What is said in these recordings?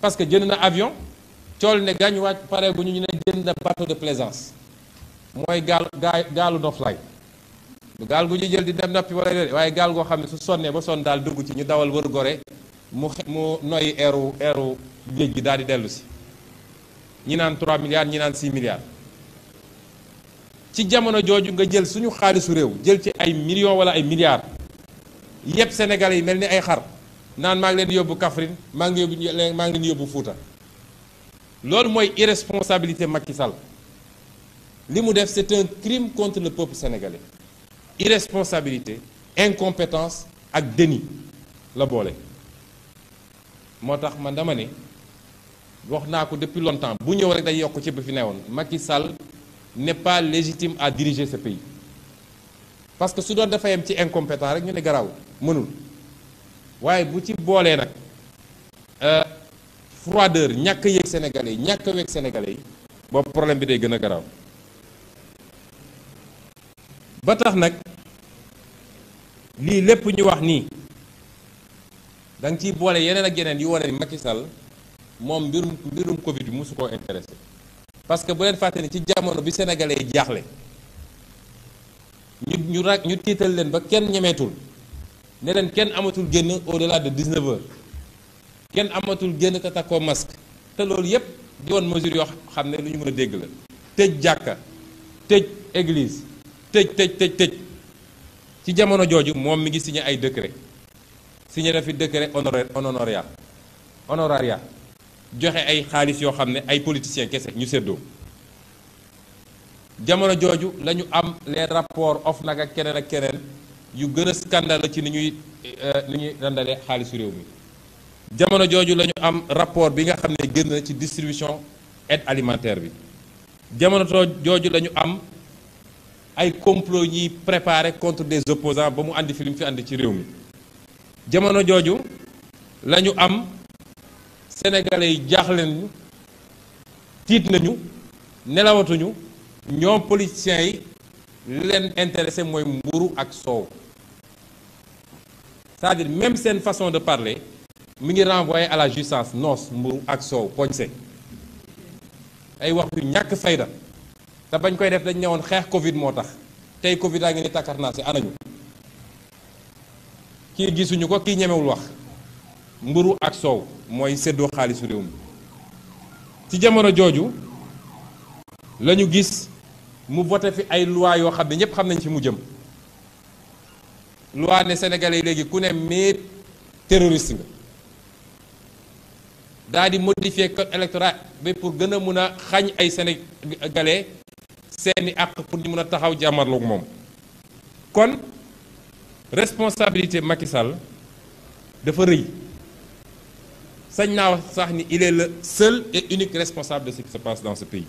parce que jënd na avion cool ne gaañu waaj pare bu ñu ñu ne jënd na bateau de plaisance mooy gaal gaa gaalu noflaay gaal gu ñu jël di dem noppi wala waaye gaal goo xam ne su sonnee ba sonn daal dugg ci ñu dawal wër gore mu mu noyyi eeru eeru géej bi daal di dellu si ñi naan 3 milliards ñi naan 6 milliards ci jamono jooju nga jël suñu xaalisu réew jël ci ay millions wala ay milliards yépp sénégalais yi mel ni ay xar naan maa ngi leen yóbbu Kaffrine maa ngi yóbbu maa ngi leen di yóbbu Fouta loolu mooy irresponsabilité Macky Sall li mu def c'est un crime contre le peuple sénégalais irresponsabilité incompétence ak déni la boole moo tax man dama ne wax naa ko depuis longtemps bu ñëw rek day yokk ci bi fi newoon Macky Sall n'est pas légitime à diriger ce pays parce que su doon dafay yem ci incompétent rek ñu ne garaw mënul waaye bu ci boolee nag euh, froideur ñàkk yéeg sénégalais yi ñàkk a weeg yi boobu problème bi day gën a garaaw ba tax nag lii lépp ñu wax nii da ciy boole yeneen ak yeneen yu wane ni Macky Sall moom mbirum mbirum Covid bi mosu koo intéressé parce que bu leen fàtte ni ci jamono bi sénégalais yi jaaxle ñu ñu ñu tiital leen ba kenn ñemeetul. ne leen kenn amatul génn au delà de kenn amatul génn te takkoo masque te loolu yépp di woon mesure yoo xam ne lu ñu mën a dégg la tëj jàkka tëj église tëj tëj tëj tëj ci jamono jooju moom mi ngi signé ay décret signé na fi décret honoraire joxe ay xaalis yoo xam ne ay politiciens kese ñu séddoo jamono jooju lañu ñu am les rapports nag ak keneen ak keneen yu gën a scandale ci ni ñuy euh, ni ñuy randale xaalisu réew mi jamono jooju la am rapport bi nga xam ne gën na ci distribution aide alimentaire bi jamono jooju lañu am ay complot ñiy prépare contre des opposants ba mu àndi fi li mu fi àndi ci réew mi jamono jooju lañu am sénégale yi jaaxle nañu tiit nañu nelawatuñu ñoo politiciens yi li leen intéressé mooy mburu ak soow cest dire même seen façon de parler mi ngi renvoyé à la jouissance noos mburu ak soow poñse ay wax yu ñàkk fayda te bañ koy def dañ ne woon xeex Covid moo tax tey Covid daa ngi ni takkar naa si anañu kii gisuñu ko kii ñemewul wax mburu ak soow mooy seddoo xaalisu réew mi ci jamono jooju la ñu gis mu voté fi ay loi yoo xam ne ñépp xam nañ fi mu jëm loi ne sénégalais yi léegi ku ne miir terroriste nga daal di modifier code électoral bi pour gën a mun a xañ ay sénégalais seeni àq pour ñu mun a taxaw jàmmarloog moom kon responsabilité Macky dafa rëy sañ naa sax ni il la le et unique responsable de ce dans ce pays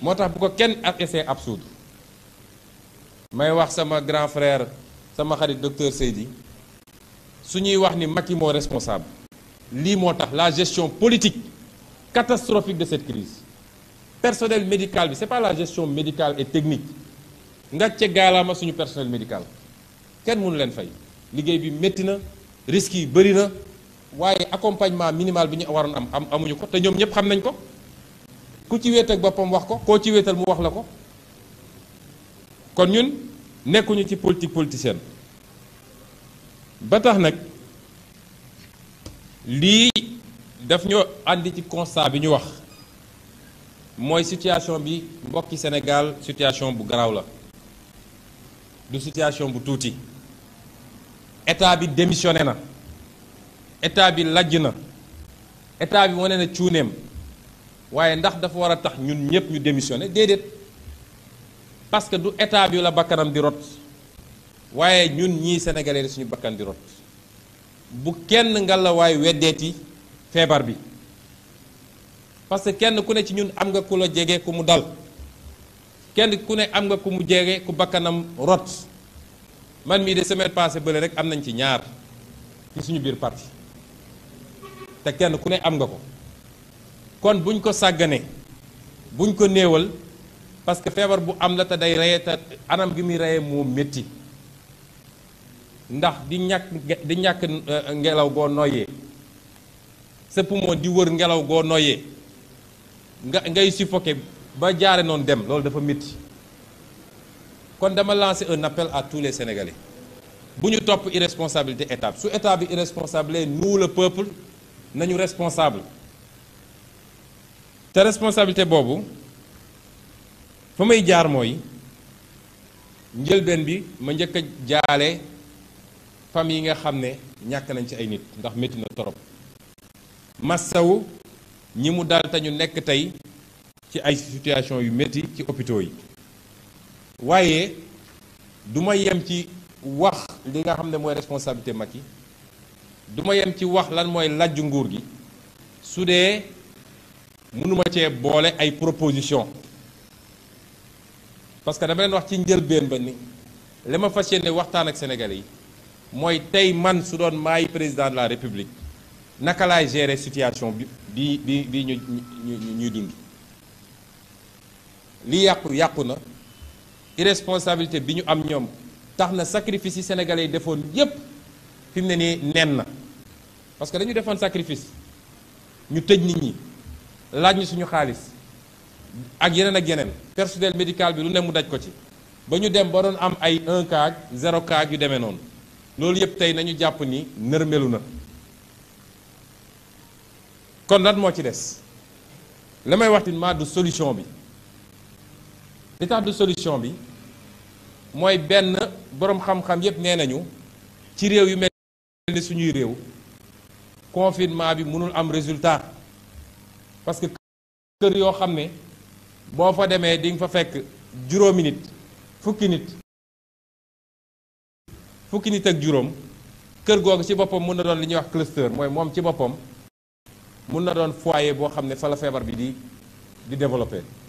moo tax bu ko kenn ak essayé absoudre may wax sama grand frère sama xarit docteur Seydi suñuy wax ni mag Macky moo responsable lii moo tax la gestion politique catastrophique de cette crise personnel médical bi c'est pas la gestion médicale et technique ngàcce gaalaama suñu personnel médical kenn mënu leen fay liggéey bi métti na risques yi bëri na waaye accompagnement minimal bi ñu waroon am am amuñu ko te ñoom ñëpp xam nañ ko ku ci wéet boppam wax ko koo ci wéetal mu wax la ko kon ñun nekkuñu ci politique politicienne ba tax nag lii daf ñoo àndi ci constat bi ñu wax mooy situation bi mbokki senegal situation bu garaaw la du situation bu tuuti état bi démissionné na état bi lajj na état bi wane na cuuneem waaye ndax dafa war a tax ñun ñëpp ñu démissionné déedéet parce que du état bi la bakkanam di rot waaye ñun ñii sénégalais suñu bakkan di rot bu kenn nga la waay weddeeti feebar bi parce que kenn ku ne ci ñun am nga ku la jege ku mu dal kenn ku ne am nga ku mu jege ku bakkanam rot man mii de semaine passée bële rek am nañ ci ñaar ci suñu biir parti te kenn ku ne am nga ko kon buñ ko sàggane buñ ko néewal parce que feebar bu am la te day reye te anam gi muy reyee moo métti ndax di ñàkk ñàkk euh, ngelaw goo noyyee sa poumon di wër ngelaw goo noyyee nga ngay suffoqué ba jaare noonu dem loolu dafa métti kon dama lancer un appel à tous les sénégalais bu ñu topp irresponsabilité état su état bi irresponsable nous le peuple nañu responsable te responsabilité boobu fa may jaar mooy njëlbeen bi ma njëkk a jaale famille yi nga xam ne ñàkk nañ ci ay nit ndax métti na torop massawu ñi mu dal te ñu nekk tey ci ay situation yu métti ci hôpitaux yi waaye du ma yem ci wax li nga xam ne mooy responsabilité Macky du ma yem ci wax lan mooy lajju nguur gi su dee mënuma cee boole ay proposition parce que dama leen wax ci njëlbéen ba ni li ma fas yéene waxtaan ak Sénégalais yi mooy tey man su doon maay président la république naka laay gérer situation bi bi bi bi ñu ñuy dund li yàqu yàqu na irresponsabilité bi ñu am ñoom tax na sacrifice yi sénégalais yi defoon yépp fi mu ne nii nen na parce que dañu defoon sacrifice ñu tëj nit ñi laaj ñu suñu xaalis ak yeneen ak yeneen personnel médical bi lu ne mu daj ko ci ba ñu dem ba doon am ay un cas zéro cas yu demee noonu loolu yëpp tey nañu jàpp ni nërmelu na kon lan moo ci des la may wax ma du solution bi li tax du solution bi mooy benn boroom xam-xam yépp nee nañu ci réew yu mel ni suñuy réew confinement bi mënul am résultat parce que kër yoo xam ne boo fa demee di nga fa fekk juróomi nit fukki nit fukki nit ak juróom kër googu ci boppam mun na doon li ñuy wax cluster mooy moom ci boppam mun na doon foyer boo xam ne fa la feebar bi di di développé